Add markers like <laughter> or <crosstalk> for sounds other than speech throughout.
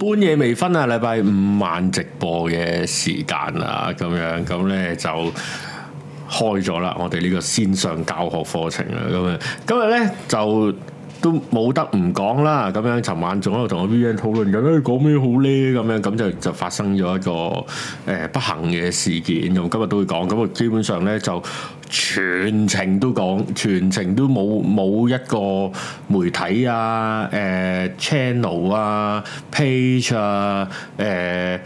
半夜未瞓啊！禮拜五晚直播嘅時間啊，咁樣咁咧就開咗啦！我哋呢個線上教學課程啊，咁樣今日咧就。都冇得唔講啦，咁樣，尋晚仲喺度同我 VVN 討論緊，講咩、哎、好呢？咁樣，咁就就發生咗一個誒、呃、不幸嘅事件，咁今日都會講。咁啊，基本上咧就全程都講，全程都冇冇一個媒體啊、誒、呃、channel 啊、page 啊、誒、呃。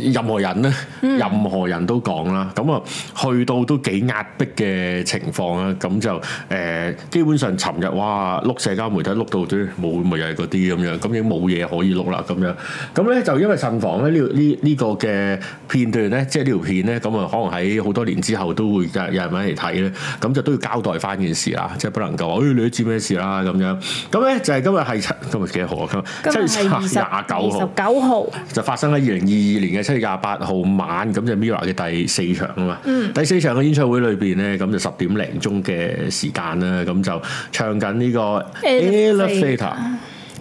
任何人咧，任何人都講啦，咁啊去到都幾壓迫嘅情況啦，咁就誒、呃、基本上尋日哇，碌社交媒體碌到都冇，咪又係嗰啲咁樣，咁已經冇嘢可以碌啦咁樣，咁咧就因為慎防咧呢呢呢個嘅片段咧，即係呢條片咧，咁啊可能喺好多年之後都會有人嚟睇咧，咁就都要交代翻件事啦，即係不能夠誒、哎、你都知咩事啦咁樣，咁咧就係、是、今七七日係今日幾多號啊？今日七月廿九號。十九號就發生咗。二零二二年嘅七月廿八號晚，咁就 Mirror 嘅第四場啊嘛，嗯、第四場嘅演唱會裏邊咧，咁就十點零鐘嘅時間、這個 e、啦，咁就唱緊呢個《Elevator》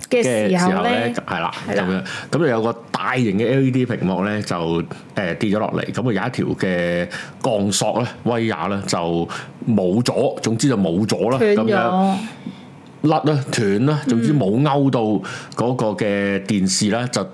嘅時候咧，係啦，咁樣，咁就有個大型嘅 LED 屏幕咧，就誒跌咗落嚟，咁、呃、啊有一條嘅鋼索咧，威亞咧就冇咗，總之就冇咗啦，咁了樣甩啦，斷啦，總之冇勾到個嘅電視咧，就、嗯。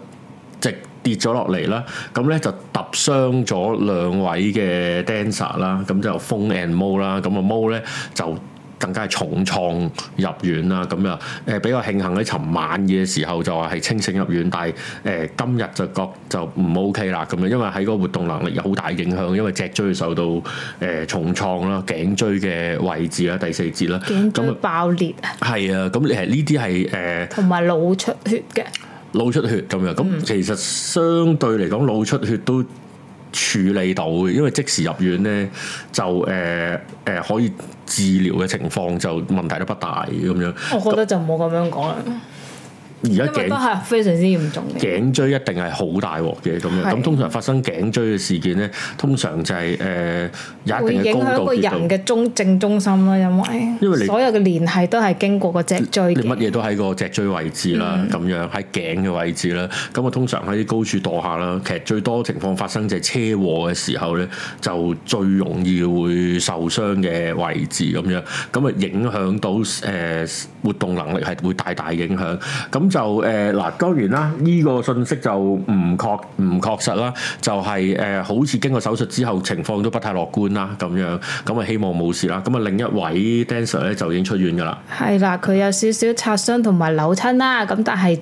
跌咗落嚟啦，咁咧就揼傷咗兩位嘅 dancer 啦，咁就封 and mode, mo 啦，咁啊 mo 咧就更加重創入院啦，咁又誒比較慶幸喺尋晚嘅時候就話係清醒入院，但係誒、呃、今日就覺得就唔 ok 啦咁樣，因為喺個活動能力有好大影響，因為脊椎受到誒、呃、重創啦，頸椎嘅位置啦第四節啦，頸椎咁爆裂啊，係啊，咁你呢啲係誒同埋腦出血嘅。腦出血咁樣，咁其實相對嚟講，腦出血都處理到嘅，因為即時入院呢就誒誒、呃呃、可以治療嘅情況就問題都不大咁樣。我覺得就冇咁樣講啦。 <laughs> 而家頸非常之嚴重，嘅，頸椎一定係好大鑊嘅咁樣。咁通常發生頸椎嘅事件咧，通常就係、是、誒、呃，有一定嘅高度會影響一個人嘅中正中心咯，因為因為所有嘅連繫都係經過個脊椎你，你乜嘢都喺個脊椎位置啦，咁、嗯、樣喺頸嘅位置啦。咁啊，通常喺高處墮下啦，其實最多情況發生就係車禍嘅時候咧，就最容易會受傷嘅位置咁樣。咁啊，影響到誒、呃、活動能力係會大，大大影響咁。就誒嗱、呃，當然啦，呢、這個信息就唔確唔確實啦，就係、是、誒、呃、好似經過手術之後情況都不太樂觀啦咁樣，咁啊希望冇事啦。咁啊另一位 Dancer 咧就已經出院㗎喇，係啦，佢有少少擦傷同埋扭親啦，咁但係，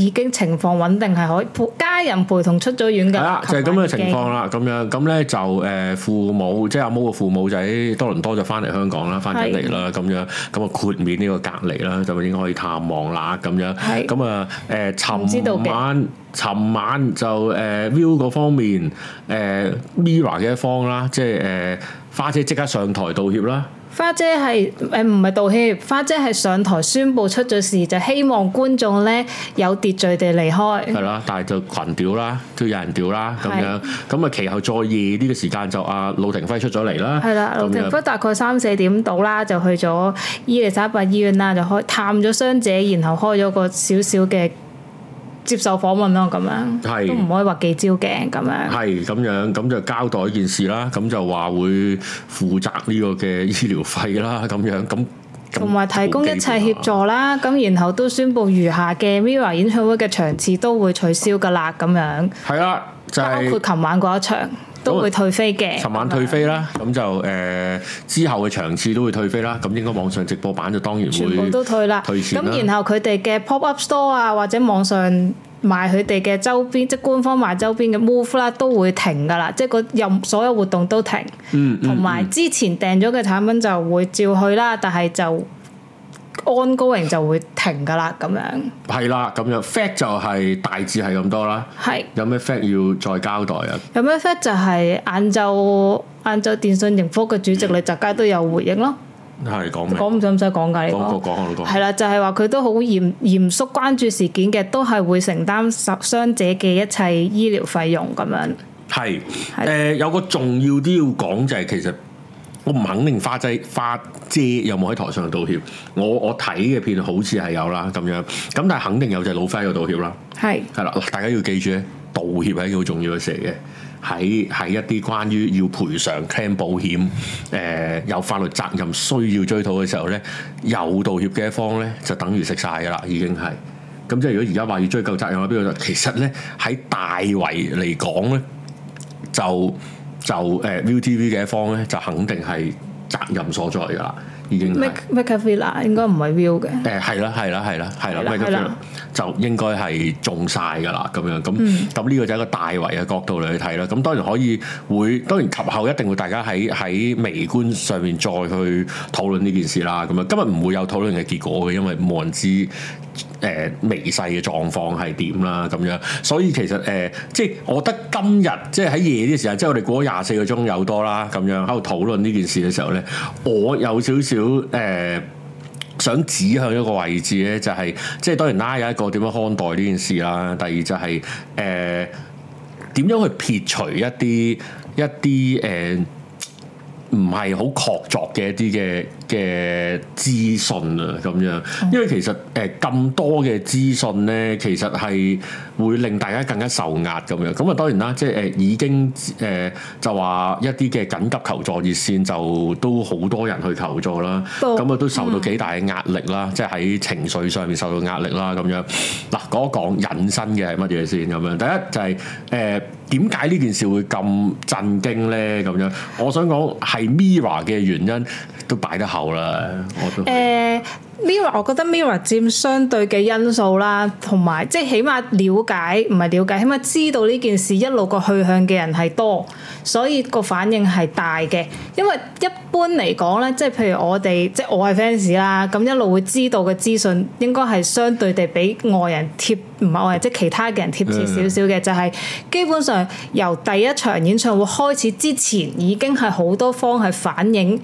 已經情況穩定，係可以家人陪同出咗院嘅，係啦，就係咁嘅情況啦。咁樣咁咧就誒父母，即阿 Mo 嘅父母就喺多倫多就翻嚟香港啦，翻咗嚟啦。咁樣咁啊豁免呢個隔離啦，就應該可以探望啦。咁樣咁啊誒，尋的、呃、晚尋晚，晚就誒、呃、view 嗰方面誒 Mirror 嘅一方啦，即誒、呃、花姐即刻上台道歉啦。花姐係誒唔係道歉，花姐係上台宣布出咗事，就希望觀眾呢有秩序地離開。係啦，但係就群屌啦，都有人屌啦，咁樣咁的、這個、啊，其後再夜呢個時間就阿魯庭暉出咗嚟啦。係啦，魯庭暉大概三四點到啦，就去咗伊利沙伯醫院啦，就開探咗傷者，然後開咗個少少嘅。接受訪問咯，咁樣是都唔可以話幾招鏡咁樣。係咁樣，咁就交代一件事啦。咁就話會負責呢個嘅醫療費啦，咁樣咁同埋提供一切協助啦。咁、嗯、然後都宣布餘下嘅 Mirror 演唱會嘅場次都會取消噶啦，咁樣。係啊，就係、包括琴晚嗰一場。都會退飛嘅，尋晚退飛啦，咁、嗯、就誒、呃、之後嘅場次都會退飛啦，咁應該網上直播版就當然會全部都退啦，退錢啦。咁然後佢哋嘅 pop up store 啊，或者網上賣佢哋嘅周邊，即係官方賣周邊嘅 move 啦、啊，都會停噶啦，即係任所有活動都停。嗯，同、嗯、埋之前訂咗嘅產品就會照去啦，但係就。安高榮就會停噶啦，咁樣。係啦，咁樣。fact 就係大致係咁多啦。係的。有咩 fact 要再交代啊？有咩 fact 就係晏晝晏晝，電訊盈科嘅主席李澤楷都有回應咯。係講咩？講唔使唔使講噶？你講講我老哥。係啦，就係話佢都好嚴嚴肅關注事件嘅，都係會承擔受傷者嘅一切醫療費用咁樣。係的。誒的、呃，有個重要啲要講就係、是、其實。我唔肯定花姐花姐有冇喺台上道歉，我我睇嘅片好似係有啦咁樣，咁但係肯定有隻老 friend 有道歉啦。係係啦，大家要記住咧，道歉係一件好重要嘅事嘅。喺喺一啲關於要賠償、claim 保險、誒有法律責任需要追討嘅時候咧，有道歉嘅一方咧，就等於食晒噶啦，已經係。咁即係如果而家話要追究責任喺邊度，其實咧喺大圍嚟講咧就。就誒 ViuTV 嘅一方咧，就肯定係責任所在噶啦。已經 Mac MacAvila 應該唔係 view 嘅，誒係啦係啦係啦係啦 MacAvila 就應該係中晒㗎啦，咁樣咁，咁呢、嗯、個就係一個大圍嘅角度嚟去睇啦。咁當然可以會，當然及後一定會大家喺喺微觀上面再去討論呢件事啦。咁樣，樣今日唔會有討論嘅結果嘅，因為冇人知誒、呃、微細嘅狀況係點啦，咁樣。所以其實誒、呃，即係我覺得今日即係喺夜啲時間，即係我哋過咗廿四個鐘有多啦，咁樣喺度討論呢件事嘅時候咧，我有少少。表想指向一個位置咧，就係、是、即係當然啦，有一個點樣看待呢件事啦。第二就係誒點樣去撇除一啲一啲誒唔係好確鑿嘅一啲嘅嘅資訊啊，咁樣，因為其實誒咁、呃、多嘅資訊咧，其實係會令大家更加受壓咁樣。咁啊，當然啦，即係誒、呃、已經誒、呃、就話一啲嘅緊急求助熱線就都好多人去求助啦，咁啊都受到幾大嘅壓力啦，嗯、即係喺情緒上面受到壓力啦，咁樣嗱，講一講引申嘅係乜嘢先咁樣？第一就係誒點解呢件事會咁震驚咧？咁樣，我想講係 Mirror 嘅原因。都擺得後啦，我都誒、uh, Mirror，我覺得 Mirror 佔相對嘅因素啦，同埋即係起碼了解，唔係了解，起碼知道呢件事一路個去向嘅人係多，所以個反應係大嘅。因為一般嚟講咧，即係譬如我哋即係我係 fans 啦，咁一路會知道嘅資訊應該係相對地比外人貼，唔係外人，即係其他嘅人貼切少少嘅，yeah, yeah. 就係基本上由第一場演唱會開始之前已經係好多方係反映。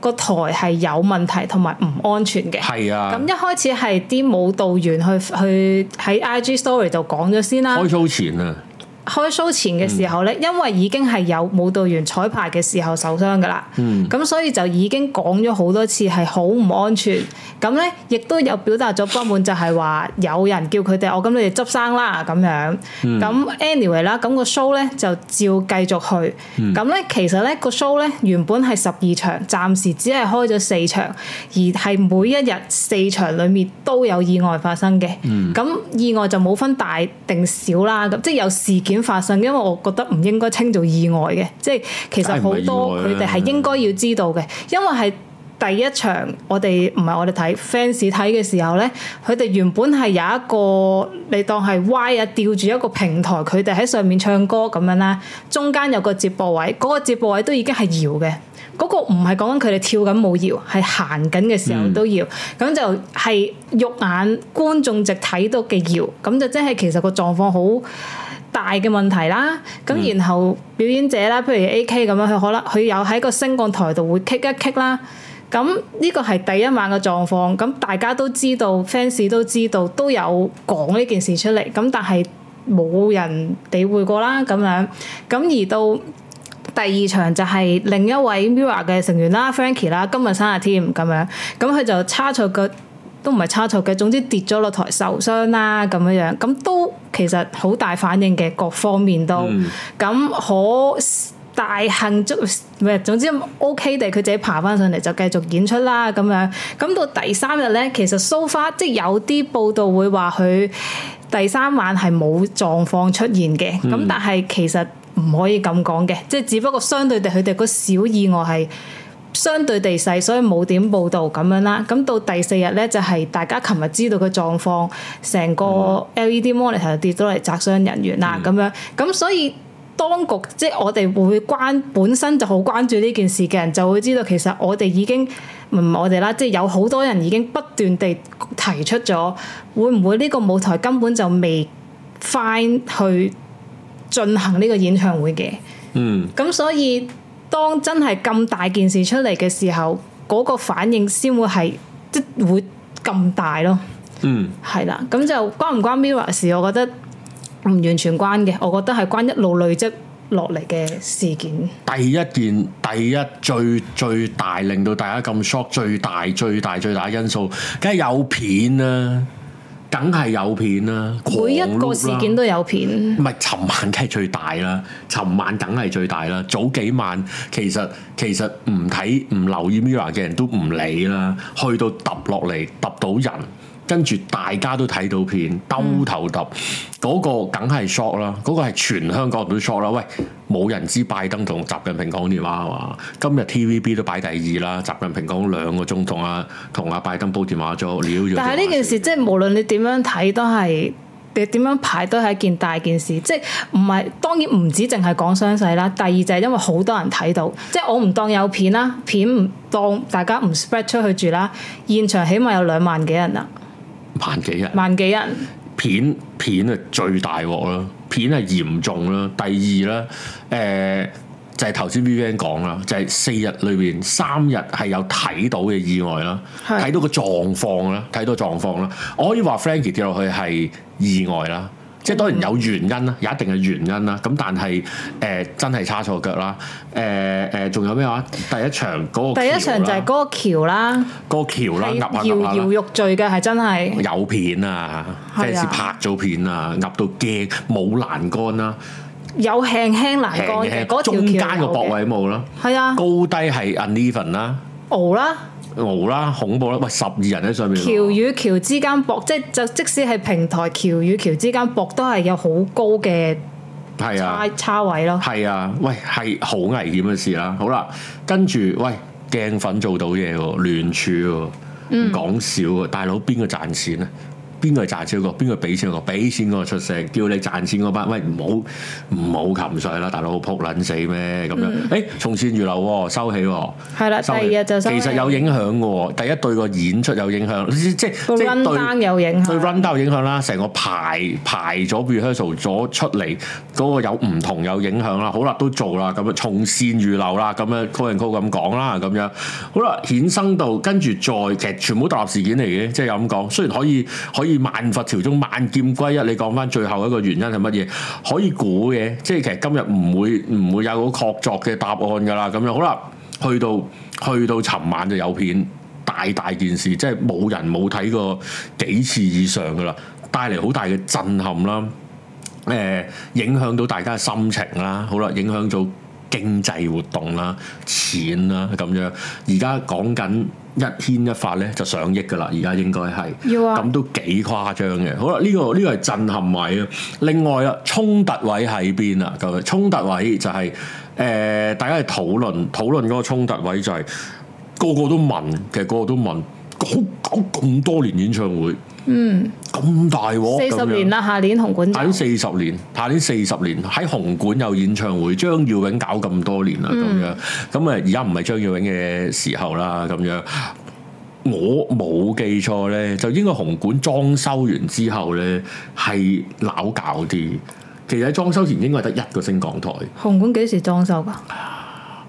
個台係有問題同埋唔安全嘅，係啊。咁一開始係啲舞蹈員去去喺 IG story 度講咗先啦。開 show 前啊！開 show 前嘅時候咧，嗯、因為已經係有舞蹈員彩排嘅時候受傷噶啦，咁、嗯、所以就已經講咗好多次係好唔安全。咁咧亦都有表達咗不滿，就係話有人叫佢哋，嗯、我咁你哋執生啦咁樣，咁、嗯、anyway 啦，咁個 show 咧就照繼續去。咁咧、嗯、其實咧個 show 咧原本係十二場，暫時只係開咗四場，而係每一日四場裏面都有意外發生嘅。咁、嗯、意外就冇分大定小啦，咁即係有事件。發生，因為我覺得唔應該稱做意外嘅，即係其實好多佢哋係應該要知道嘅，因為係第一場我哋唔係我哋睇 fans 睇嘅時候咧，佢哋原本係有一個你當係 Y 啊吊住一個平台，佢哋喺上面唱歌咁樣啦，中間有個接駁位，嗰、那個接駁位都已經係搖嘅，嗰、那個唔係講緊佢哋跳緊舞搖，係行緊嘅時候都搖，咁、嗯、就係肉眼觀眾席睇到嘅搖，咁就即係其實個狀況好大嘅問題啦，咁然後表演者啦，譬如 AK 咁樣，佢可能佢有喺個升降台度會 kick 一 kick 啦，咁呢個係第一晚嘅狀況，咁大家都知道，fans <music> 都知道都有講呢件事出嚟，咁但係冇人理會過啦，咁樣，咁而到第二場就係另一位 Mirror 嘅成員啦，Frankie 啦， <music> Frankie，今日生日 team 咁樣，咁佢就差錯腳。都唔係差錯嘅，總之跌咗落台受傷啦咁樣樣，咁都其實好大反應嘅各方面都，咁可、mm hmm. 大幸祝，唔係總之 O K 地佢自己爬翻上嚟就繼續演出啦咁樣。咁到第三日咧，其實 so far 即係有啲報道會話佢第三晚係冇狀況出現嘅，咁、mm hmm. 但係其實唔可以咁講嘅，即係只不過相對地佢哋個小意外係。相對地細，所以冇點報導咁樣啦。咁到第四日咧，就係、是、大家琴日知道嘅狀況，成個 LED monitor 跌咗嚟砸傷人員啦。咁、嗯、樣咁，所以當局即係我哋會關本身就好關注呢件事嘅人，就會知道其實我哋已經唔我哋啦，即係有好多人已經不斷地提出咗，會唔會呢個舞台根本就未翻去進行呢個演唱會嘅？嗯，咁所以。當真係咁大件事出嚟嘅時候，嗰個反應先會係即會咁大咯。嗯，係啦，咁就關唔關 Mirror 事？我覺得唔完全關嘅，我覺得係關一路累積落嚟嘅事件。第一件，第一最最大令到大家咁 shock，最大最大最大，最大因素，梗係有片啊。梗係有片啦，啦每一個事件都有片，唔係，尋晚梗係最大啦，尋晚梗係最大啦。早幾晚其實其實唔睇唔留意 Mirror 嘅人都唔理啦，去到揼落嚟揼到人，跟住大家都睇到片，兜頭揼嗰，嗯、個梗係 shock 啦，嗰個係全香港人都 shock 啦。喂，冇人知拜登同習近平講電話係嘛？今日 TVB 都擺第二啦，習近平講兩個鐘同阿同阿拜登煲電話咗了，了了，但係呢件事即係無論你點樣睇都係，你點樣排都係一件大件事，即係唔係當然唔止淨係講傷勢啦。第二就係因為好多人睇到，即係我唔當有片啦，片唔當大家唔 spread 出去住啦。現場起碼有兩萬幾人啦。萬幾日？萬幾日？片片係最大鑊啦，片係嚴重啦，第二啦，誒就係頭先 VVN 講啦，就係、是就是、四日裏邊三日係有睇到嘅意外啦，睇是到個狀況啦，睇到狀況啦，我可以話 Frankie 跌落去係意外啦。即係當然有原因啦，有一定嘅原因啦。咁但係誒、呃、真係差錯腳啦。誒誒仲有咩話？第一場嗰、嗰個、第一場就係嗰個橋啦，嗰個橋啦，搖搖欲墜嘅係真係有片啊，啊即係拍咗片啊，壓到驚冇欄杆啦、啊，有輕輕欄杆嗰條位冇啦，係輕啊，高低係 uneven 啦、啊。傲、哦、啦，傲、哦、啦，恐怖啦！喂，十二人喺上面橋橋，橋與橋之間搏，即就即使係平台橋與橋之間搏，都係有好高嘅係啊差位咯，係啊，喂係好危險嘅事啦、啊。好啦，跟住喂鏡粉做到嘢喎、哦，聯署喎，唔講、嗯、笑喎，大佬邊個賺錢咧？邊個係賺錢個？邊個俾錢個？俾錢個出聲，叫你賺錢嗰班，喂唔好唔好擒水啦！大佬撲撚死咩咁樣？誒、欸，從善如流喎，收起喎。係啦，第二日就收起其實有影響嘅喎。第一對個演出有影響，即係即係有影響，對 run down 有影響啦。成的個排排咗 behaviour 咗出嚟嗰、那個有唔同有影響啦。好啦，都做啦咁樣，從善如流啦咁樣，高人 l 咁講啦咁樣。好啦，衍生到跟住再其全部獨立事件嚟嘅，即係咁講。雖然可以然可以。以萬佛朝宗萬劍歸一，你講翻最後一個原因係乜嘢？可以估嘅，即係其實今日唔會唔會有個確鑿嘅答案㗎啦。咁樣好啦，去到去到尋晚就有片大大件事，即係冇人冇睇過幾次以上㗎啦，帶嚟好大嘅震撼啦。誒、呃，影響到大家嘅心情啦。好啦，影響到。經濟活動啦、錢啦咁樣，而家講緊一牽一發咧就上億㗎喇，而家應該係，咁、啊、都幾誇張嘅。好啦，呢、這個呢、這個係震撼位啊。另外啊，衝突位喺邊啊？就係衝突位就係、是，誒、呃、大家係討論討論嗰個衝突位就係、是、個個都問，其實個個都問，搞搞咁多年演唱會。嗯，咁大四十年啦，樣下年紅館下年四十年，下年四十年喺紅館有演唱會，張耀榮搞咁多年啦，咁、嗯、樣，咁啊而家唔係張耀榮嘅時候啦，咁樣，我冇記錯咧，就應該紅館裝修完之後咧係扭搞啲，其實喺裝修前應該係得一個升降台。紅館幾時裝修㗎？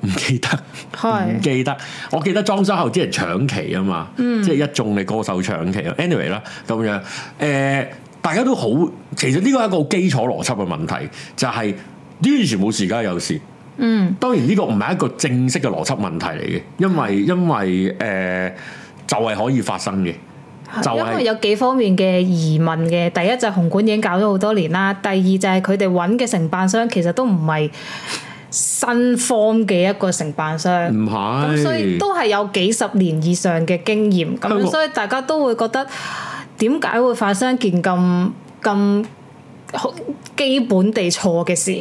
唔記得，唔是記得。我記得裝修後啲人搶期啊嘛，嗯、即係一眾嘅歌手搶期。anyway 啦，咁樣誒，大家都好。其實呢個係一個基礎邏輯嘅問題，就係呢完全冇事，事，而家有事。嗯，當然呢個唔係一個正式嘅邏輯問題嚟嘅，因為因為誒、呃、就係、是、可以發生嘅，是就係、是、有幾方面嘅疑問嘅。第一就係紅館已經搞咗好多年啦，第二就係佢哋揾嘅承辦商其實都唔係。新方嘅一個承辦商，唔係是，咁所以都係有幾十年以上嘅經驗，咁的所以大家都會覺得點解會發生一件咁咁基本地錯嘅事？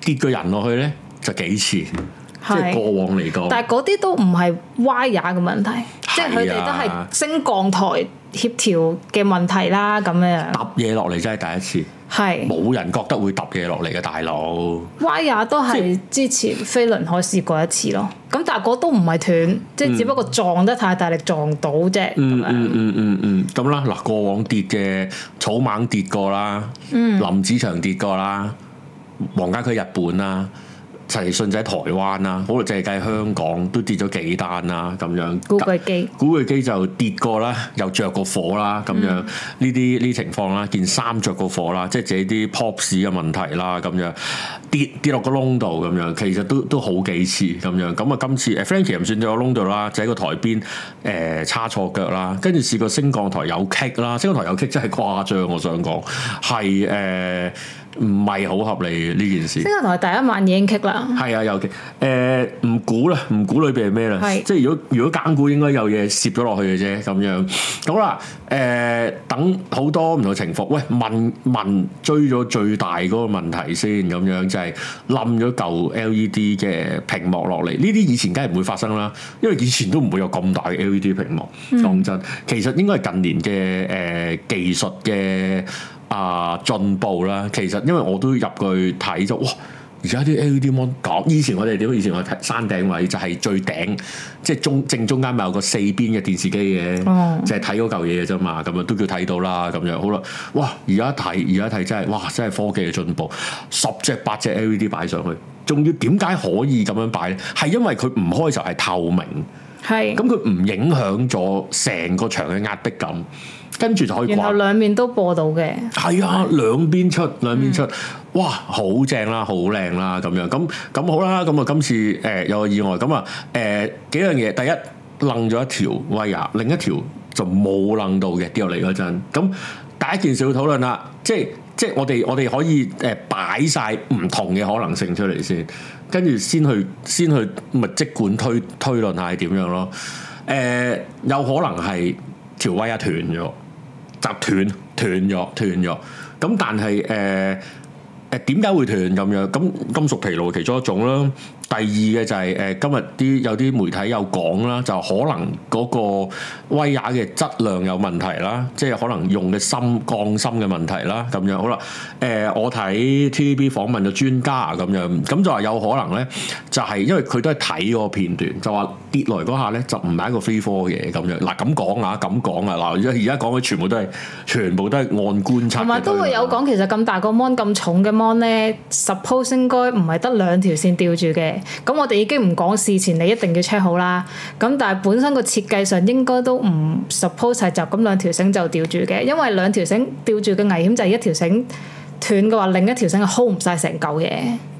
跌個人落去咧，就幾次，的即係過往嚟講。但係嗰啲都唔係 wire 嘅問題，的即係佢哋都係升降台協調嘅問題啦，咁樣揼嘢落嚟真係第一次。係冇人覺得會揼嘢落嚟嘅大佬，威亞都係之前飛輪海試過一次咯。咁但係都唔係斷，即係只不過撞得太大力撞到啫、嗯。嗯嗯嗯嗯咁啦嗱，過往跌嘅草蜢跌過啦，林子祥跌過啦，黃家駒日本啦。陳奕迅就喺台灣啦，好似淨係計香港都跌咗幾單啦，咁樣。古巨基，古巨基就跌過啦，又着過火啦，咁樣呢啲呢情況啦，件衫着過火啦，即係自己啲 pop 市嘅問題啦，咁樣跌跌落個窿度咁樣，其實都都好幾次咁樣。咁啊，今次誒、啊、Frankie 唔算咗個窿度啦，就喺個台邊誒叉、呃、錯腳啦，跟住試過升降台有 kick 啦，升降台有 kick 真係誇張，我想講係誒。唔係好合理嘅呢件事。星河台第一晚已經棘啦。係啊，尤其誒唔估啦，唔估裏邊係咩啦？係是即係如果如果減估，應該有嘢攝咗落去嘅啫。咁樣好啦，誒、呃、等好多唔同情況。喂，問問追咗最大嗰個問題先，咁樣就係冧咗嚿 LED 嘅屏幕落嚟。呢啲以前梗係唔會發生啦，因為以前都唔會有咁大嘅 LED 屏幕當真，嗯、其實應該係近年嘅誒、呃、技術嘅。啊，進步啦！其實因為我都入去睇咗，哇！而家啲 LED mon 講，以前我哋點？以前我睇山頂位就係最頂，即、就、係、是、中正中間咪有個四邊嘅電視機嘅，哦、就係睇嗰嚿嘢嘅啫嘛，咁樣都叫睇到啦。咁樣好啦，哇！而家睇而家睇真係，哇！真係科技嘅進步，十隻八隻 LED 擺上去，仲要點解可以咁樣擺咧？係因為佢唔開就候係透明，咁佢唔影響咗成個場嘅壓迫感。跟住就可以。然後兩面都播到嘅。係啊、哎呀，兩邊出兩邊出，出嗯、哇，好正啦，好靚啦，咁樣咁咁好啦。咁啊，今次誒、呃、有個意外咁啊，誒、呃、幾樣嘢，第一，掹咗一條威啊，另一條就冇掹到嘅跌落嚟嗰陣。咁第一件事要討論啦，即係即係我哋我哋可以誒擺晒唔同嘅可能性出嚟先，跟住先去先去咪即管推推論下係點樣咯。誒、呃、有可能係條威啊斷咗。集斷斷咗，斷咗。咁但係誒。呃誒，點解會斷咁樣？咁金屬疲勞其中一種啦。第二嘅就係、是、誒今日啲有啲媒體有講啦，就可能嗰個威亞嘅質量有問題啦，即係可能用嘅芯鋼芯嘅問題啦，咁樣好啦。誒、呃、我睇 TVB 訪問咗專家咁樣，咁就話有可能咧、就是，就係因為佢都係睇嗰個片段，就話跌落嚟嗰下咧就唔係一個飛科嘅咁樣。嗱咁講啊，咁講啊，嗱而家而家講嘅全部都係全部都係按觀察同埋都會有講，其實咁大個 mon 咁重嘅咧 suppose 應該唔係得兩條線吊住嘅，咁我哋已經唔講事前你一定要 check 好啦。咁但係本身個設計上應該都唔 suppose 係就咁兩條繩就吊住嘅，因為兩條繩吊住嘅危險就係一條繩斷嘅話，另一條繩係 hold 唔晒成嚿嘢。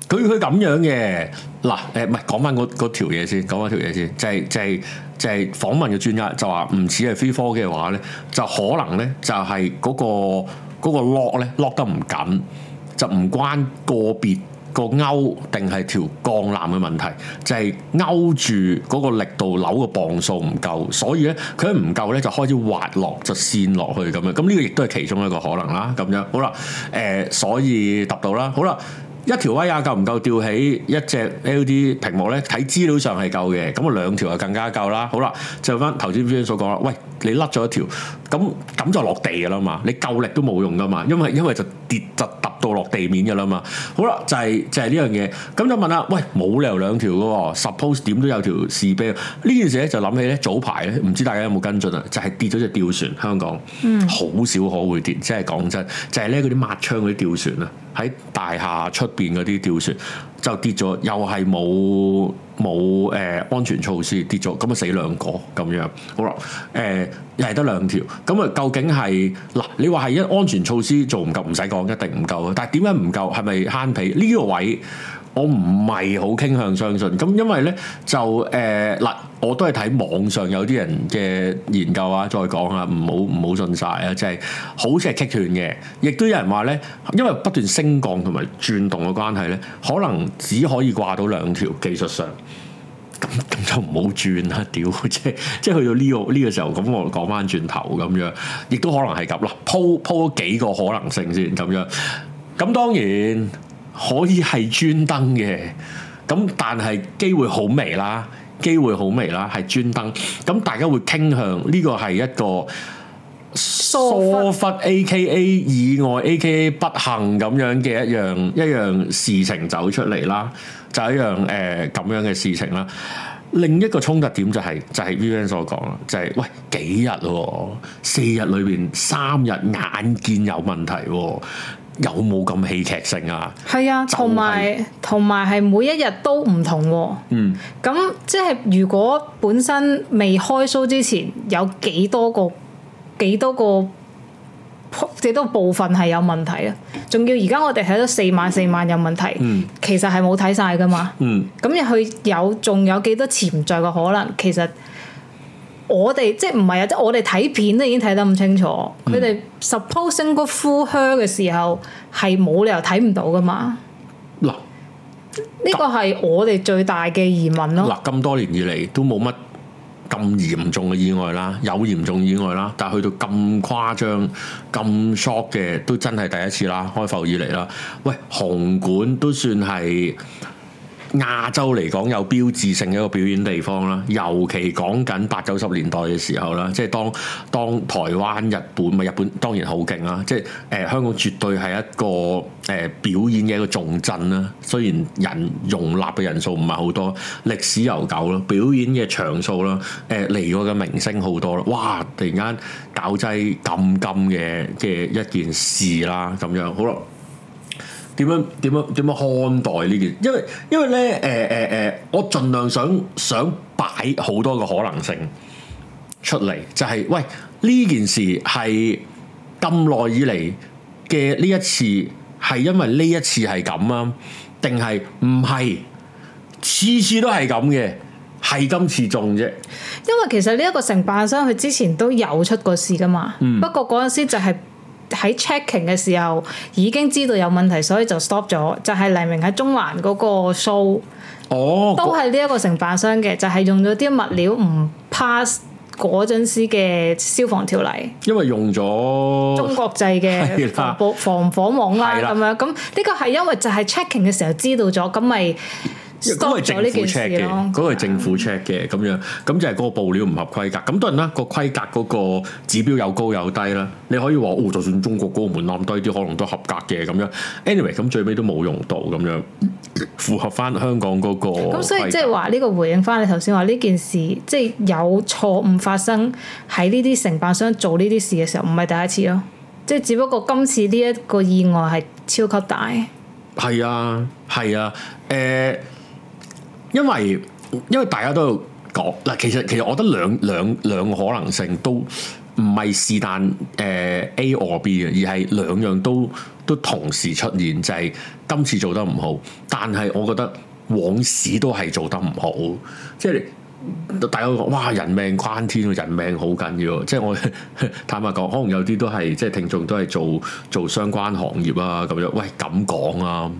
佢佢咁樣嘅，嗱誒，唔係講翻嗰嗰條嘢先，講翻條嘢先，就係就係就係訪問嘅專家就話唔似係 free fall 嘅話咧，就可能咧就係嗰個嗰個 lock 咧 lock 得唔緊。就唔關個別個勾定係條鋼纜嘅問題，就係、是、勾住嗰個力度扭嘅磅數唔夠，所以咧佢唔夠咧就開始滑落就線落去咁樣，咁呢個亦都係其中一個可能啦。咁樣好啦，誒、呃，所以揼到啦。好啦，一條威亞夠唔夠吊起一隻 L D 屏幕咧？睇資料上係夠嘅，咁啊兩條啊更加夠啦。好啦，就翻頭先先生所講啦，喂，你甩咗一條，咁咁就落地噶啦嘛，你夠力都冇用噶嘛，因為因為就跌就墮落地面嘅啦嘛，好啦，就係、是、就係、是、呢樣嘢，咁就問啦，喂，冇理由兩條嘅喎、哦，suppose 點都有條士兵，呢件事咧就諗起咧早排咧，唔知大家有冇跟進啊？就係、是、跌咗隻吊船，香港，嗯，好少可會跌，即係講真，真，就係咧嗰啲抹窗嗰啲吊船啊，喺大廈出邊嗰啲吊船。就跌咗，又係冇冇誒安全措施跌，跌咗咁啊死兩個咁樣，好啦誒，又係得兩條，咁啊究竟係嗱？你話係因安全措施做唔夠，唔使講一定唔夠啊！但係點解唔夠？係咪慳皮呢個位？我唔係好傾向相信，咁因為呢，就誒嗱、呃，我都係睇網上有啲人嘅研究啊，再講啊，唔好唔好信曬啊，即係好似係割斷嘅，亦都有人話呢，因為不斷升降同埋轉動嘅關係呢，可能只可以掛到兩條技術上，咁就唔好轉啦，屌！即即係去到呢個呢個時候，咁我講翻轉頭咁樣，亦 <laughs> 都可能係咁啦，鋪鋪幾個可能性先咁樣，咁當然。可以係專登嘅，咁但係機會好微啦，機會好微啦，係專登。咁大家會傾向呢個係一個疏忽，A K A 以外，A K A 不幸咁樣嘅一樣一樣事情走出嚟啦，就係、一樣誒咁、呃、樣嘅事情啦。另一個衝突點就係就係 VVN 所講啦，就係、係就係、喂幾日喎、哦，四日裏邊三日眼見有問題、哦。有冇咁戲劇性啊？係啊，同埋同埋係每一日都唔同喎。嗯，咁即係如果本身未開 show 之前有幾多個幾多個幾多個部分係有問題啊？仲要而家我哋睇咗四萬四萬有問題，嗯，其實係冇睇晒㗎嘛。嗯，咁入去有仲有幾多潛在嘅可能？其實。我哋即係唔係啊！即係我哋睇片都已經睇得咁清楚，佢哋 supposing 嗰呼靴嘅時候係冇理由睇唔到噶嘛？嗱喏，呢個係我哋最大嘅疑問咯。嗱，咁多年以嚟都冇乜咁嚴重嘅意外啦，有嚴重意外啦，但係去到咁誇張，咁 shock 嘅都真係第一次啦。開埠以嚟啦，喂，紅館都算係。亞洲嚟講有標誌性嘅一個表演地方啦，尤其講緊八九十年代嘅時候啦，即係當當台灣、日本咪日本當然好勁啦，即係誒、呃、香港絕對係一個誒、呃、表演嘅一個重鎮啦。雖然人容納嘅人數唔係好多，歷史悠久咯，表演嘅場數啦，誒嚟過嘅明星好多啦，哇！突然間搞製禁禁嘅嘅一件事啦，咁樣好啦。點樣點樣點樣看待呢件？因為因為咧，誒誒誒，我盡量想想擺好多個可能性出嚟，就係、是、喂呢件事係咁耐以嚟嘅呢一次，係因為呢一次係咁啊，定係唔係？次次都係咁嘅，係今次中啫。因為其實呢一個承辦商佢之前都有出過事噶嘛，嗯、不過嗰陣時就係、是。喺 checking 嘅時候已經知道有問題，所以就 stop 咗。就係、是、黎明喺中環嗰個 show，哦、都係呢一個承敗商承辦商嘅。就係、是、用咗啲物料唔 pass 嗰陣時嘅消防條例，因為用咗中國製嘅防火網啦，咁樣咁呢個係因為就係 checking 嘅時候知道咗，咁咪。都個係政府 check 嘅，嗰個係政府 check 嘅咁樣，咁就係嗰個布料唔合規格。咁當然啦，個規格嗰個指標有高有低啦。你可以話，哦，就算中國嗰個門檻低啲，可能都合格嘅咁樣。anyway，咁最尾都冇用到咁樣，符合翻香港嗰個。咁所以即係話呢個回應翻你頭先話呢件事，即係有錯誤發生喺呢啲承辦商做呢啲事嘅時候，唔係第一次咯。即係只不過今次呢一個意外係超級大。係啊，係啊，誒、欸。因為因為大家都講嗱，其實其實我覺得兩兩兩個可能性都唔係是但誒、呃、A or B 嘅，而係兩樣都都同時出現，就係、是、今次做得唔好，但係我覺得往時都係做得唔好，即係大家講哇，人命關天，人命好緊要，即係我 <laughs> 坦白講，可能有啲都係即係聽眾都係做做相關行業啊咁樣，喂咁講啊，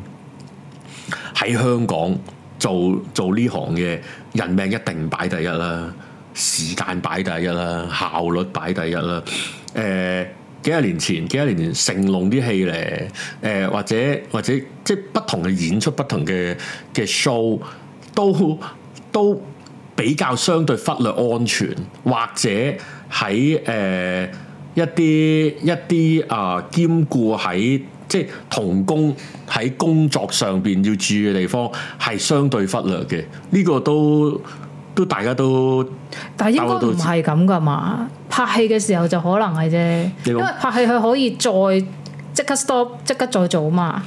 喺香港。做做呢行嘅人命一定擺第一啦，時間擺第一啦，效率擺第一啦。誒、呃、幾十年前幾十年前成龍啲戲咧，誒、呃、或者或者即係不同嘅演出，不同嘅嘅 show 都都比較相對忽略安全，或者喺誒、呃、一啲一啲啊兼顧喺。即係同工喺工作上邊要注意嘅地方係相對忽略嘅，呢、這個都都大家都，但係應該唔係咁噶嘛？拍戲嘅時候就可能係啫，說因為拍戲佢可以再即刻 stop，即刻再做嘛。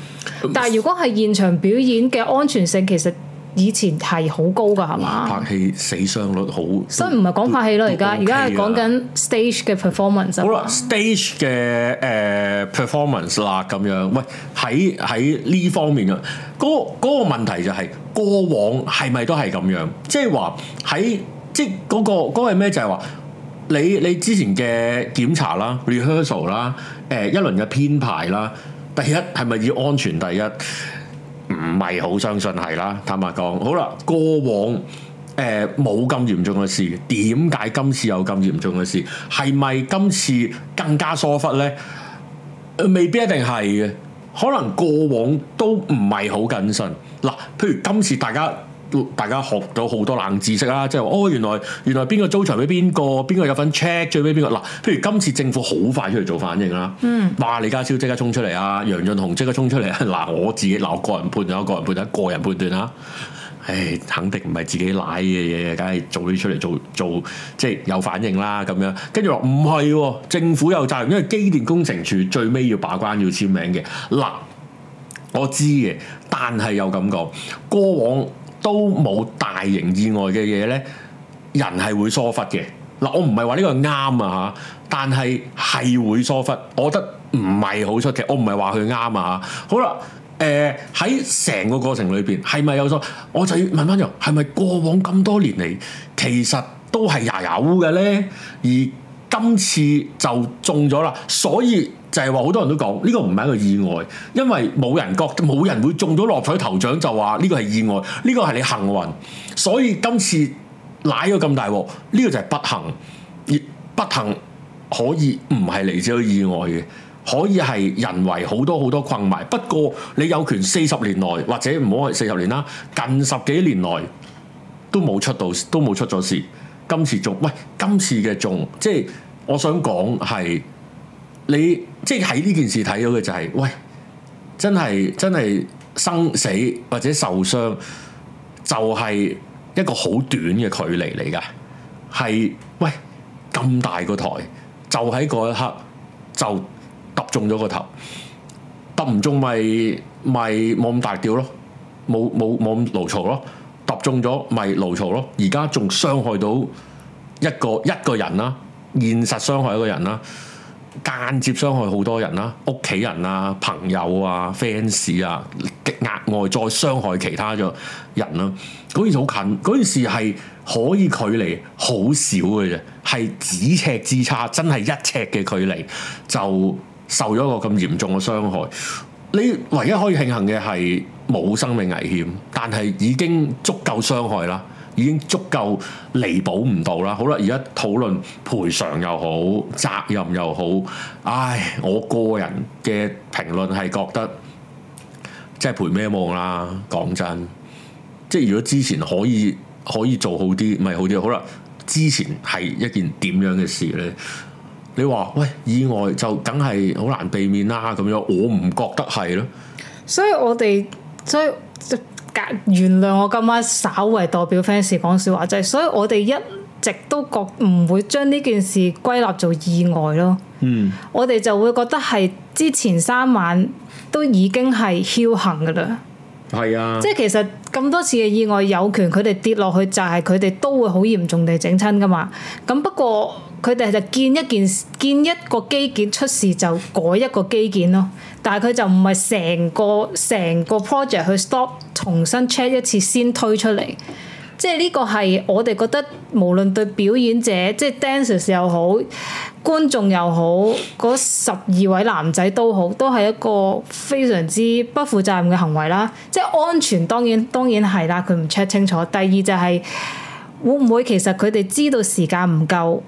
但係如果係現場表演嘅安全性，其實。以前係好高噶，係嘛嘩？拍戲死傷率好，都所以唔係講拍戲咯，而家而家講緊 stage 嘅 performance 好吧。好啦，stage 嘅誒、uh, performance 啦，咁樣，喂，喺喺呢方面啊，嗰、那、嗰、個那個問題就係、是、過往係咪都係咁樣？就是、即係話喺即嗰個嗰、那個咩就係、是、話你你之前嘅檢查啦、rehearsal 啦、呃、誒一輪嘅編排啦，第一係咪要安全第一？唔係好相信係啦，坦白講。好啦，過往冇咁、呃、嚴重嘅事，點解今次有咁嚴重嘅事？係咪今次更加疏忽呢？呃、未必一定係嘅，可能過往都唔係好謹慎。嗱，譬如今次大家。大家學到好多冷知識啦，即係，哦，原來原來邊個租場俾邊個，邊個有份 check 最尾邊個嗱，譬如今次政府好快出嚟做反應啦，嗯，哇李家超即刻衝出嚟啊，楊潤雄即刻衝出嚟啊，嗱我自己嗱我個人判斷，我個人判斷，個人判斷啊，唉，肯定唔係自己奶嘅嘢，梗係做啲出嚟做做即係有反應啦咁樣，跟住話唔係政府有責任，因為機電工程署最尾要把關要簽名嘅嗱，我知嘅，但係有咁講過往。都冇大型意外嘅嘢呢，人係會疏忽嘅嗱，我唔係話呢個啱啊嚇，但係係會疏忽，我覺得唔係好出奇，我唔係話佢啱啊嚇。好啦，喺、呃、成個過程裏邊係咪有錯？我就要問翻咗，係咪過往咁多年嚟，其實都係鴉鴉烏嘅呢？而今次就中咗啦，所以就係話好多人都講呢個唔係一個意外，因為冇人覺，冇人會中咗六合彩頭獎就話呢個係意外，呢個係你幸運。所以今次賴咗咁大鑊，呢個就係不幸。不幸可以唔係嚟自於意外嘅，可以係人為好多好多困埋。不過你有權四十年內或者唔好係四十年啦，近十幾年內都冇出到，都冇出咗事。今次中，喂，今次嘅中，即係我想講係你，即係喺呢件事睇到嘅就係、是，喂，真係真係生死或者受傷，就係一個好短嘅距離嚟㗎，係喂咁大個台，就喺嗰一刻就揼中咗個頭，揼唔中咪咪冇咁大叫咯，冇冇冇咁牢嘈咯。揼中咗咪牢嘈咯！而家仲傷害到一個一個人啦、啊，現實傷害一個人啦、啊，間接傷害好多人啦、啊，屋企人啊、朋友啊、fans 啊，額外再傷害其他嘅人啦、啊。嗰件事好近，嗰件事係可以距離好少嘅啫，係咫尺之差，真係一尺嘅距離就受咗一個咁嚴重嘅傷害。你唯一可以慶幸嘅係。冇生命危險，但係已經足夠傷害啦，已經足夠彌補唔到啦。好啦，而家討論賠償又好，責任又好，唉，我個人嘅評論係覺得，即係賠咩望啦？講真，即係如果之前可以可以做好啲，咪好啲。好啦，之前係一件點樣嘅事呢？你話喂意外就梗係好難避免啦，啊，咁樣我唔覺得係咯。所以我哋。所以，原諒我今晚稍為代表 fans 講說話，就係所以我哋一直都覺唔會將呢件事歸納做意外咯。嗯，我哋就會覺得係之前三晚都已經係僥幸嘅啦。係是啊，即係其實咁多次嘅意外，有權佢哋跌落去就係佢哋都會好嚴重地整親噶嘛。咁不過。佢哋就見一件見一個機件出事就改一個機件咯，但係佢就唔係成個成個 project 去 stop 重新 check 一次先推出嚟，即係呢個係我哋覺得無論對表演者即係 dancers 又好，觀眾又好，嗰十二位男仔都好，都係一個非常之不負責任嘅行為啦。即係安全當然當然係啦，佢唔 check 清楚。第二就係、是、會唔會其實佢哋知道時間唔夠？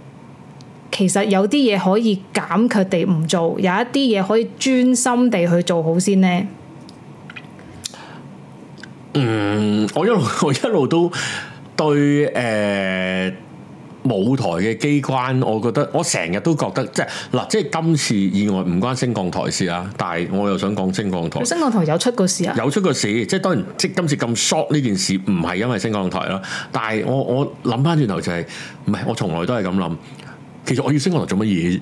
其實有啲嘢可以減卻地唔做，有一啲嘢可以專心地去做好先呢，嗯，我一路我一路都對誒、呃、舞台嘅機關，我覺得我成日都覺得即係嗱，即係今次意外唔關升降台事啊。但係我又想講升降台，升降台有出過事啊，有出過事。即係當然，即今次咁 shock 呢件事唔係因為升降台啦。但係我我諗翻轉頭就係唔係我從來都係咁諗。其實我要升上嚟做乜嘢？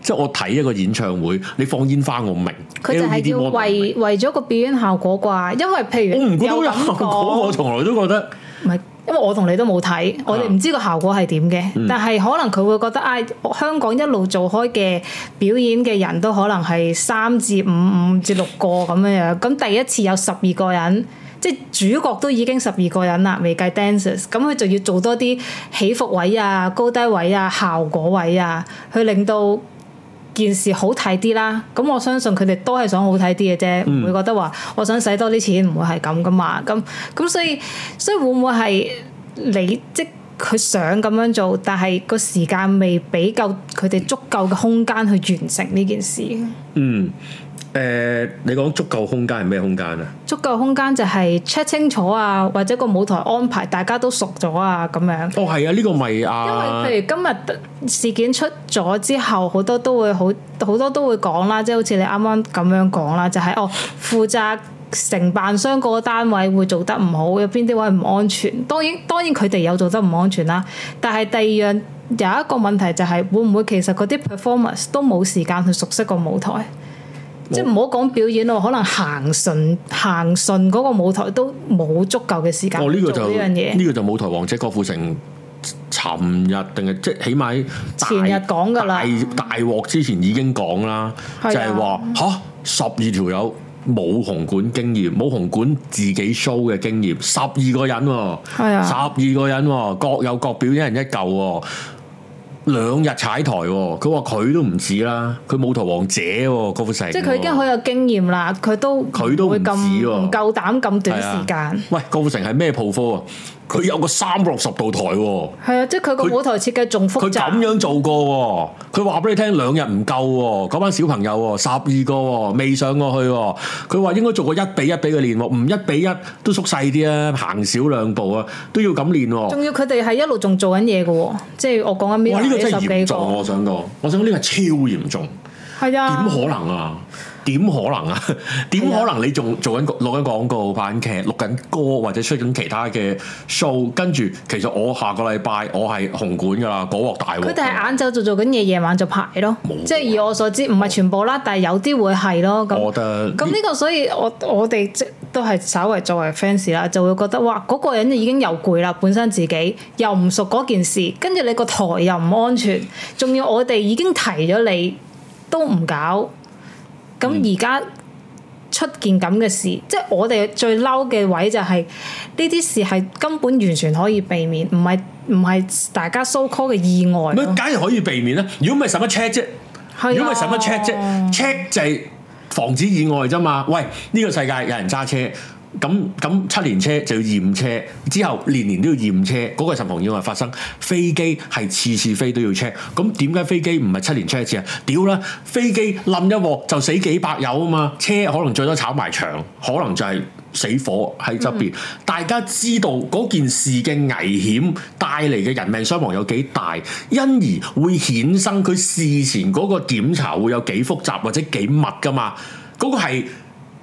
即係我睇一個演唱會，你放煙花我唔明。佢就係要為為咗個表演效果啩。因為譬如我唔覺得有效果，我從來都覺得唔係，因為我同你都冇睇，嗯、我哋唔知個效果係點嘅。嗯、但係可能佢會覺得啊，香港一路做開嘅表演嘅人都可能係三至五五至六個咁樣樣，咁 <laughs> 第一次有十二個人。即係主角都已經十二個人啦，未計 dancers，咁佢就要做多啲起伏位啊、高低位啊、效果位啊，去令到件事好睇啲啦。咁我相信佢哋都係想好睇啲嘅啫，嗯、唔會覺得話我想使多啲錢，唔會係咁噶嘛。咁咁所以所以會唔會係你即佢想咁樣做，但係個時間未俾夠佢哋足夠嘅空間去完成呢件事？嗯。誒，你講足夠空間係咩空間啊？足夠空間就係 check 清楚啊，或者個舞台安排大家都熟咗啊，咁樣。哦，係啊，呢個咪啊，因為譬如今日事件出咗之後，好多都會好，好多都會講啦，即係好似你啱啱咁樣講啦，就係哦，負責承辦商個單位會做得唔好，有邊啲位唔安全？當然，當然佢哋有做得唔安全啦。但係第二樣有一個問題就係，會唔會其實佢啲 performance 都冇時間去熟悉個舞台？即係唔好講表演咯，可能行順行順嗰個舞台都冇足夠嘅時間，哦這個，做呢樣嘢。呢個就舞台王者郭富城，尋日定係即係起碼前日講㗎喇，大大鑊之前已經講啦，嗯、就係話吓十二條友冇紅館經驗，冇紅館自己 show 嘅經驗，十二個人係、哦、啊，十二個人，哦、各有各表演，人一嚿、哦。兩日踩台喎、哦，佢話佢都唔止啦，佢舞台王者喎、哦，郭富城。即係佢已經好有經驗啦，佢都佢都唔止喎，唔夠膽咁短時間。喂，郭富城係咩鋪科啊？佢有個三百六十度台、喎，係啊，即係佢個舞台設計仲複雜。咁樣做過、喎，佢話俾你聽兩日唔夠，嗰班小朋友喎、十二個、喎、未上過去、喎，佢話應該做個一比一比嘅練、喎，唔一比一都縮細啲啊，行少兩步啊，都要咁練、喎。仲要佢哋係一路仲做緊嘢㗎，即係我講緊。哇！呢、呢個真係嚴重，幾幾我想講，我想講呢個超嚴重，係啊，點可能啊？點可能啊？點 <laughs> 可能你仲做緊錄緊廣告、拍緊劇、錄緊歌或者出緊其他嘅 show？跟住其實我下個禮拜我係紅館㗎啦，嗰鑊大鑊。佢哋係晏晝就做緊嘢，夜晚就排咯。即係以我所知，唔係了全部啦，但係有啲會係咯。我覺得咁呢個，所以我我哋即都係稍為作為 fans 啦，就會覺得哇，嗰、嗰個人已經又攰啦，本身自己又唔熟嗰件事，跟住你個台又唔安全，仲、嗯、要我哋已經提咗你都唔搞。咁而家出件咁嘅事，即係我哋最嬲嘅位就係呢啲事係根本完全可以避免，唔係唔係大家 so call 嘅意外咯。假如、嗯、可以避免咧，如果唔係什麼 check 啫，如果唔係什麼 check 啫，check 就係防止意外啫嘛。喂，呢個世界有人揸車。咁咁七年車就要驗車，之後年年都要驗車，嗰、那個係防意外發生。飛機係次次飛都要 check，咁點解飛機唔係七年 check 一次啊？屌啦，飛機冧一鑊就死幾百友啊嘛！車可能最多炒埋牆，可能就係死火喺側邊。嗯嗯，大家知道嗰件事嘅危險帶嚟嘅人命傷亡有幾大，因而會衍生佢事前嗰個檢查會有幾複雜或者幾密噶嘛？嗰、那個係。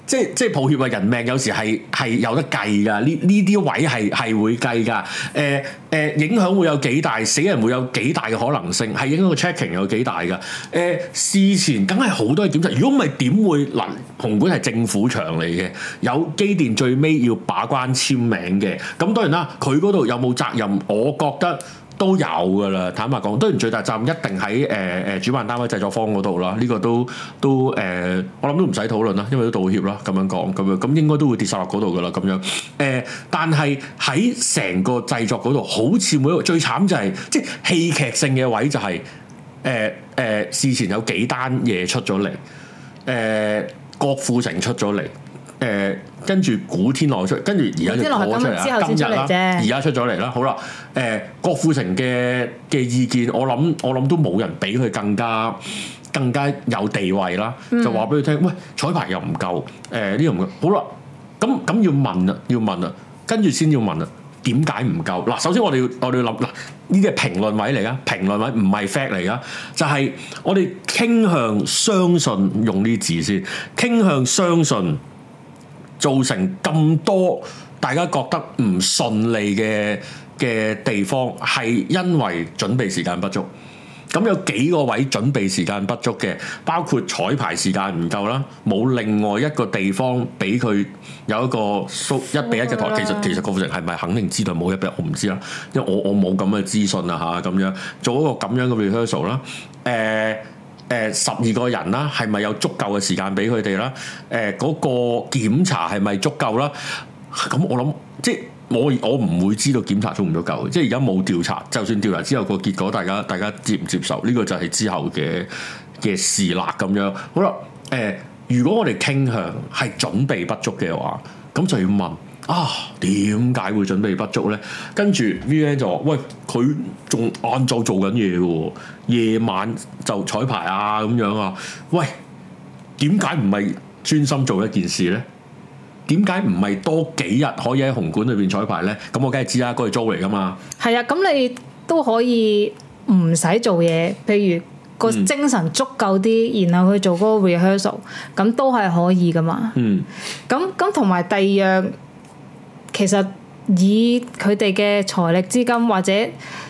即係即係抱歉話人命有時係係有得計噶，呢呢啲位係係會計噶，誒、呃、誒、呃、影響會有幾大，死人會有幾大嘅可能性，係影響個 checking 有幾大噶，誒、呃、事前梗係好多嘢檢查，如果唔係點會嗱。紅館係政府場嚟嘅，有機電最尾要把關簽名嘅，咁當然啦，佢嗰度有冇責任，我覺得。都有噶啦，坦白講，當然最大責任一定喺誒誒主辦單位製作方嗰度啦。呢個都都誒、呃，我諗都唔使討論啦，因為都道歉啦，咁樣講，咁樣咁應該都會跌晒落嗰度噶啦。咁樣誒、呃，但係喺成個製作嗰度，好似每一個最慘就係即係戲劇性嘅位就係誒誒，事前有幾單嘢出咗嚟，誒、呃、郭富城出咗嚟。誒，跟住、呃、古天樂出，跟住而家就攞出嚟啦，今日啦，而家出咗嚟啦，好啦，誒、呃，郭富城嘅嘅意見，我諗我諗都冇人比佢更加更加有地位啦，嗯、就話俾佢聽，喂，彩排又唔夠，誒呢樣嘢，好啦，咁咁要問啦，要問啦，跟住先要問，要問啦，點解唔夠？嗱，首先我哋要我哋要諗，嗱，呢啲係評論位嚟㗎，評論位唔係 fact 嚟㗎，就係、是、我哋傾向相信用呢字先，傾向相信。造成咁多大家覺得唔順利嘅嘅地方，係因為準備時間不足。咁有幾個位準備時間不足嘅，包括彩排時間唔夠啦，冇另外一個地方俾佢有一個一比一嘅台、嗯其，其實其實郭富城係咪肯定知道冇一比一，我唔知啦，因為我我冇咁嘅資訊啊吓，咁樣做一個咁樣嘅 rehearsal 啦，誒、呃。誒十二個人啦，係咪有足夠嘅時間俾佢哋啦？誒、呃、嗰、那個檢查係咪足夠啦？咁、啊、我諗即係我我唔會知道檢查足唔足夠，即係而家冇調查。就算調查之後個結果，大家大家接唔接受？呢、這個就係之後嘅嘅事啦咁樣。好啦，誒、呃、如果我哋傾向係準備不足嘅話，咁就要問啊點解會準備不足咧？跟住 VN 就話，喂，佢仲晏晝做緊嘢喎。夜晚就彩排啊咁樣啊，喂，點解唔係專心做一件事呢？點解唔係多幾日可以喺紅館裏邊彩排呢？咁我梗係知啦，嗰個係租嚟噶嘛。係啊，咁你都可以唔使做嘢，譬如個精神足夠啲，然後去做嗰個 rehearsal，咁、嗯、都係可以噶嘛。嗯，咁咁同埋第二樣，其實。以佢哋嘅財力資金，或者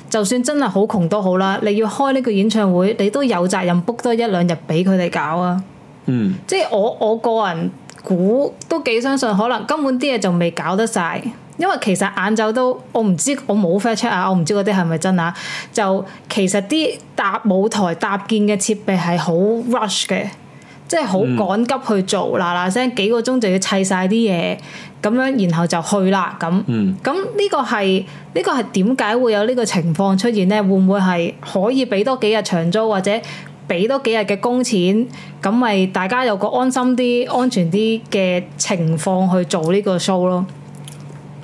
就算真係好窮都好啦，你要開呢個演唱會，你都有責任 book 多一兩日俾佢哋搞啊。嗯，即係我我個人估都幾相信，可能根本啲嘢就未搞得晒，因為其實晏晝都我唔知我冇 fact check 啊，我唔知嗰啲係咪真啊。就其實啲搭舞台搭建嘅設備係好 rush 嘅。即係好趕急去做，嗱嗱聲幾個鐘就要砌晒啲嘢，咁樣然後就去啦咁。咁呢個係呢個係點解會有呢個情況出現呢？會唔會係可以俾多幾日長租或者俾多幾日嘅工錢？咁咪大家有個安心啲、安全啲嘅情況去做呢個 show 咯？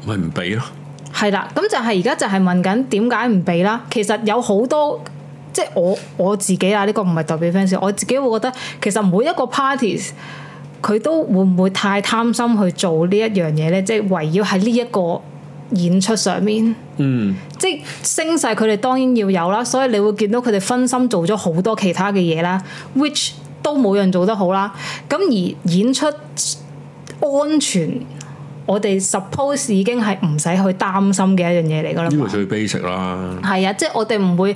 咪唔俾咯？係啦，咁就係而家就係問緊點解唔俾啦？其實有好多。即係我我自己啊！呢、這個唔係代表 fans，我自己會覺得其實每一個 parties 佢都會唔會太貪心去做呢一樣嘢咧？即係圍繞喺呢一個演出上面，嗯，即係聲勢佢哋當然要有啦。所以你會見到佢哋分心做咗好多其他嘅嘢啦，which 都冇人做得好啦。咁而演出安全，我哋 suppose 已經係唔使去擔心嘅一樣嘢嚟噶啦嘛。呢個最 basic 啦，係啊，即係我哋唔會。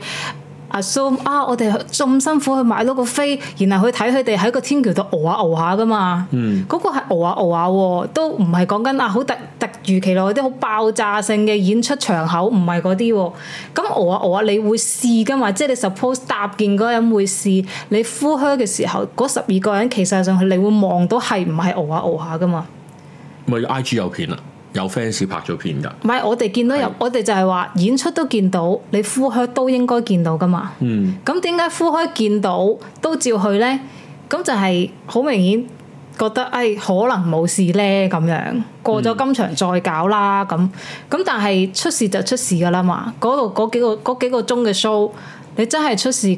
阿蘇啊，我哋咁辛苦去買到個飛，然後去睇佢哋喺個天橋度熬下熬下㗎嘛。嗰個係熬下熬下喎，都唔係講緊啊好突突如其來嗰啲好爆炸性嘅演出場口，唔係嗰啲喎。咁熬下熬下，你會試㗎嘛？即係你 suppose 搭建嗰人會試，你呼靴嘅時候，嗰十二個人其實上去，你會望到係唔係熬下熬下㗎嘛？咪 I G 有片啊！有 fans 拍咗片噶，唔係我哋見到有，是的 我哋就係話演出都見到，你呼開都應該見到噶嘛。嗯，咁點解呼開見到都照去呢？咁就係好明顯覺得誒、哎、可能冇事呢。咁樣，過咗今場再搞啦咁。咁、嗯、但係出事就出事噶啦嘛。嗰度嗰幾個嗰幾個鐘嘅 show，你真係出事，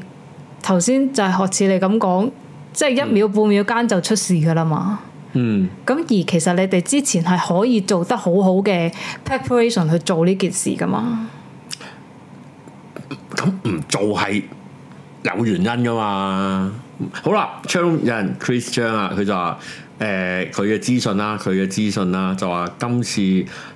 頭先就係學似你咁講，即、就、係、是、一秒半秒間就出事噶啦嘛。嗯嗯嗯，咁而其實你哋之前係可以做得好好嘅 preparation 去做呢件事噶嘛？咁唔、嗯、做係有原因噶嘛？好啦，張有人 Chris 張啊，佢就話。誒佢嘅資訊啦，佢嘅資訊啦，就話今次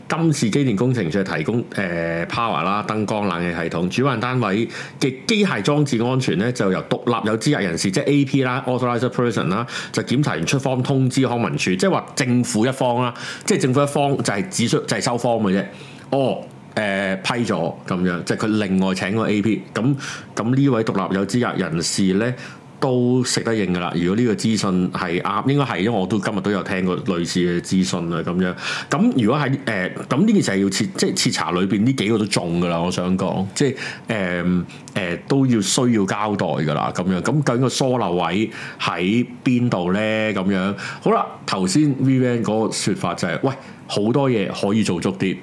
今次機電工程就提供誒、呃、power 啦、燈光、冷氣系統，主辦單位嘅機械裝置安全咧，就由獨立有資格人士即係 AP 啦、Authorized Person 啦，就檢查完出 form，通知康文署，即係話政府一方啦，即係政府一方就係指出就係、是、收 form 嘅啫。哦，誒、呃、批咗咁樣，即係佢另外請個 AP，咁咁呢位獨立有資格人士咧。都食得應噶啦，如果呢個資訊係啱，應該係，因為我都今日都有聽過類似嘅資訊啊，咁樣。咁如果係誒，咁、呃、呢件事係要徹即係徹查裏面，裏邊呢幾個都中噶啦，我想講，即係誒誒都要需要交代噶啦，咁樣。咁究竟個疏漏位喺邊度咧？咁樣好啦，頭先 VVN 嗰個説法就係、是，喂，好多嘢可以做足啲。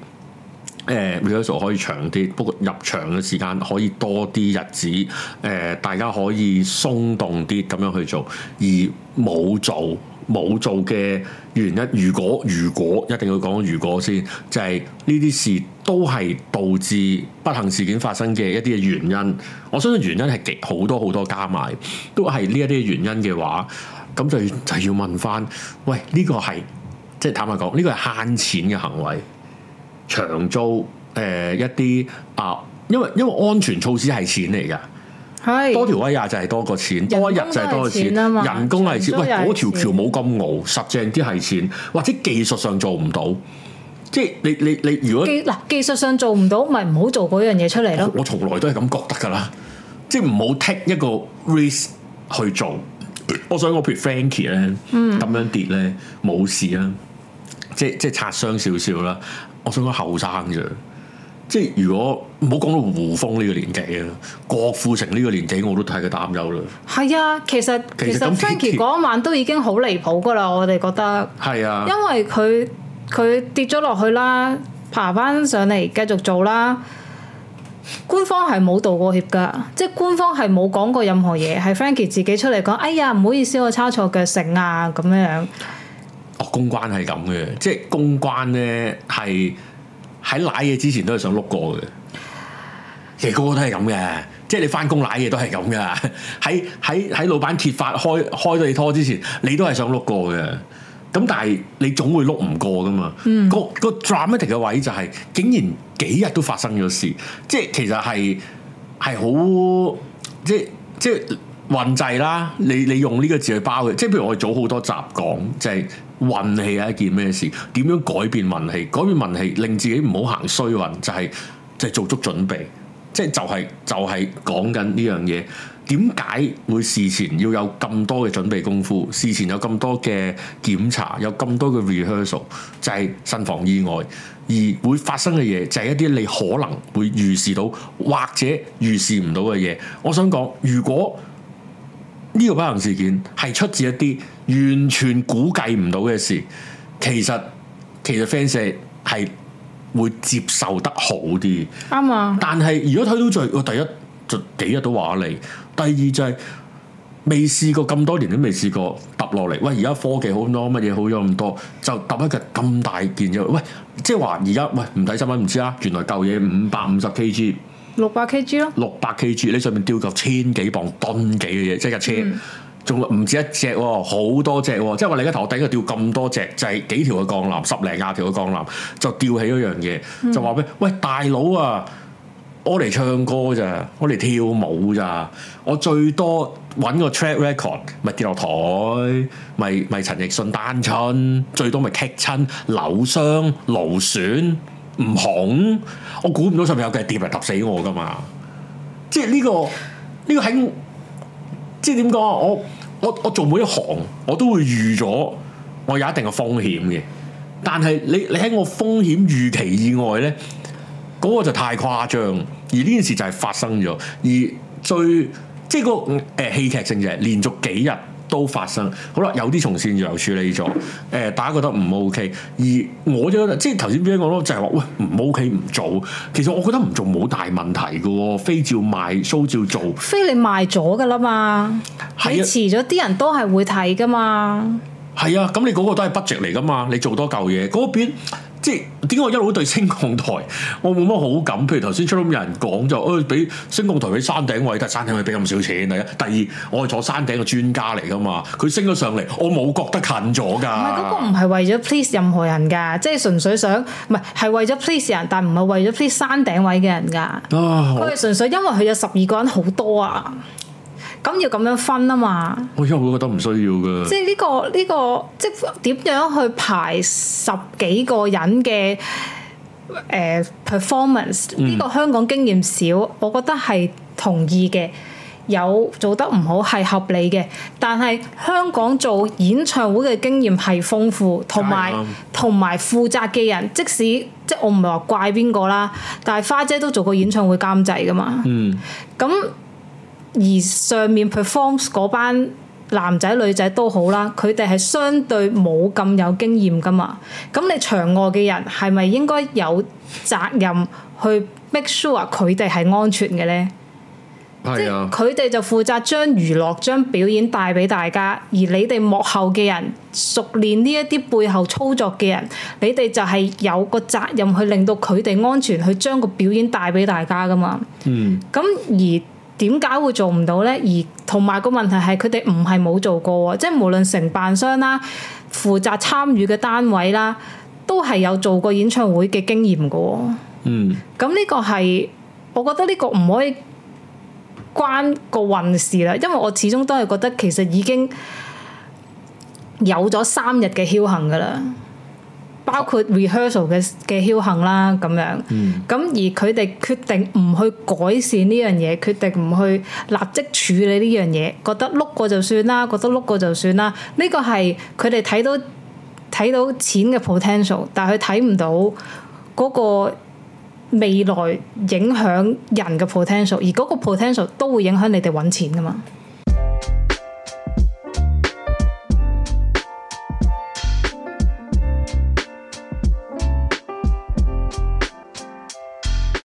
誒，如果、呃、可以長啲，不過入場嘅時間可以多啲日子，誒、呃，大家可以鬆動啲咁樣去做。而冇做冇做嘅原因，如果如果一定要講如果先，就係呢啲事都係導致不幸事件發生嘅一啲嘅原因。我相信原因係極好多好多加埋，都係呢一啲原因嘅話，咁就就要問翻，喂，呢個係即係坦白講，呢個係慳錢嘅行為。長租誒、呃、一啲啊，因為因為安全措施係錢嚟噶，係是多條威亞就係多個錢，多一日就係多個錢，人工係錢。錢喂，嗰條橋冇咁傲，實淨啲係錢，或者技術上做唔到，即係你你你如果嗱技，技術上做唔到，咪唔好做嗰樣嘢出嚟咯。我從來都係咁覺得噶啦，即係唔好 take 一個 risk 去做。我想我譬如 Frankie 咧，咁、嗯、樣跌咧冇事啦，即係即係擦傷少少啦。我想講後生啫，即係如果唔好講到胡楓呢個年紀啊，郭富城呢個年紀我都替佢擔憂啦。係啊，其實其實，其實 Frankie 嗰晚都已經好離譜噶啦，我哋覺得係啊，因為佢佢跌咗落去啦，爬翻上嚟繼續做啦。官方係冇道過歉噶，即係官方係冇講過任何嘢，係 Frankie 自己出嚟講，哎呀唔好意思，我差錯腳成啊咁樣樣。等等哦，公關係咁嘅，即係公關咧，係喺瀨嘢之前都係想碌過嘅，其實個個都係咁嘅，即係你返工瀨嘢都係咁嘅。喺喺喺老闆揭發開開咗你拖之前，你都係想碌過嘅，咁但係你總會碌唔過㗎嘛，嗯、個個 dramatic 嘅位就係、是、竟然幾日都發生咗事，即係其實係係好即即運滯啦，你你用呢個字去包佢，即係譬如我哋早好多集講就係。運氣係一件咩事？點樣改變運氣？改變運氣，令自己唔好行衰運，就係、是、就係、是、做足準備，即係就係、是、就係講緊呢樣嘢。點解會事前要有咁多嘅準備功夫？事前有咁多嘅檢查，有咁多嘅 rehearsal 就係慎防意外。而會發生嘅嘢，就係、是、一啲你可能會預示到，或者預示唔到嘅嘢。我想講，如果呢個不幸事件係出自一啲。完全估計唔到嘅事，其實其實 fans 係係會接受得好啲啱啊！吧但係如果睇到最我第一就幾日都話你，第二就係未試過咁多年都未試過揼落嚟。喂，而家科技好咗，乜嘢好咗咁多，就揼一個咁大件就喂，即係話而家喂唔睇新聞唔知啦。原來舊嘢五百五十 kg，六百 kg 咯，六百 kg 你上面吊夠千幾磅、噸幾嘅嘢，即係架車。嗯仲唔止一隻、哦，好多隻、哦，即係我哋而家頭頂而家掉咁多隻，就係、是、幾條嘅鋼纜，十零廿條嘅鋼纜，就吊起嗰樣嘢，嗯、就話畀，喂，大佬啊，我嚟唱歌咋，我嚟跳舞咋，我最多揾個 track record，咪跌落台，咪咪陳奕迅單親，最多咪劇親扭傷、勞損、唔紅，我估唔到上面有嘅碟咪揼死我噶嘛！即係呢、這個呢、這個喺。即係點講啊？我我我做每一行，我都會預咗，我有一定嘅風險嘅。但係你你喺我風險預期以外咧，嗰個就太誇張。而呢件事就係發生咗，而最即係、嗰個誒、呃、戲劇性就係，連續幾日。都發生，好啦，有啲重線又處理咗，誒、呃，大家覺得唔 OK，而我就覺得，即係頭先邊個咯，就係、是、話喂唔 OK 唔做，其實我覺得唔做冇大問題嘅喎，飛照賣，show 照做，飛你賣咗嘅啦嘛，你遲咗啲人都係會睇噶嘛，係啊，咁你嗰個都係 budget 嚟噶嘛，你做多嚿嘢嗰邊。即點解我一路對升降台我冇乜好感？譬如頭先出到有人講就，哦、哎，俾星港台俾山頂位得，山頂位俾咁少錢第一，第二我係坐山頂嘅專家嚟噶嘛。佢升咗上嚟，我冇覺得近咗噶。唔係嗰個唔係為咗 please 任何人噶，即係純粹想唔係係為咗 please 人，但唔係為咗 please 山頂位嘅人噶。佢係、啊、純粹因為佢有十二個人好多啊。咁要咁樣分啊嘛、哎！我因為我覺得唔需要嘅、這個。即係呢個呢個，即係點樣去排十幾個人嘅誒、呃、performance？呢、嗯、個香港經驗少，我覺得係同意嘅。有做得唔好係合理嘅，但係香港做演唱會嘅經驗係豐富，同埋同埋負責嘅人，即使即係我唔係話怪邊個啦，但係花姐都做過演唱會監製噶嘛。嗯，咁。而上面 performs 嗰班男仔女仔都好啦，佢哋係相對冇咁有，有經驗㗎嘛。咁你場外嘅人係咪應該有責任去 make sure 佢哋係安全嘅咧？係啊的，佢哋就負責將娛樂將表演帶俾大家，而你哋幕後嘅人，熟練呢一啲背後操作嘅人，你哋就係有個責任去令到佢哋安全，去將個表演帶俾大家㗎嘛。嗯，咁而。點解會做唔到呢？而同埋個問題係佢哋唔係冇做過喎，即係無論承辦商啦、負責參與嘅單位啦，都係有做過演唱會嘅經驗嘅。嗯，咁呢個係我覺得呢個唔可以關個運事啦，因為我始終都係覺得其實已經有咗三日嘅僥倖㗎啦。包括 rehearsal 嘅嘅僥倖啦，咁樣，咁、嗯、而佢哋決定唔去改善呢樣嘢，決定唔去立即處理呢樣嘢，覺得碌過就算啦，覺得碌過就算啦。呢個係佢哋睇到睇到錢嘅 potential，但係佢睇唔到嗰個未來影響人嘅 potential，而嗰個 potential 都會影響你哋搵錢㗎嘛。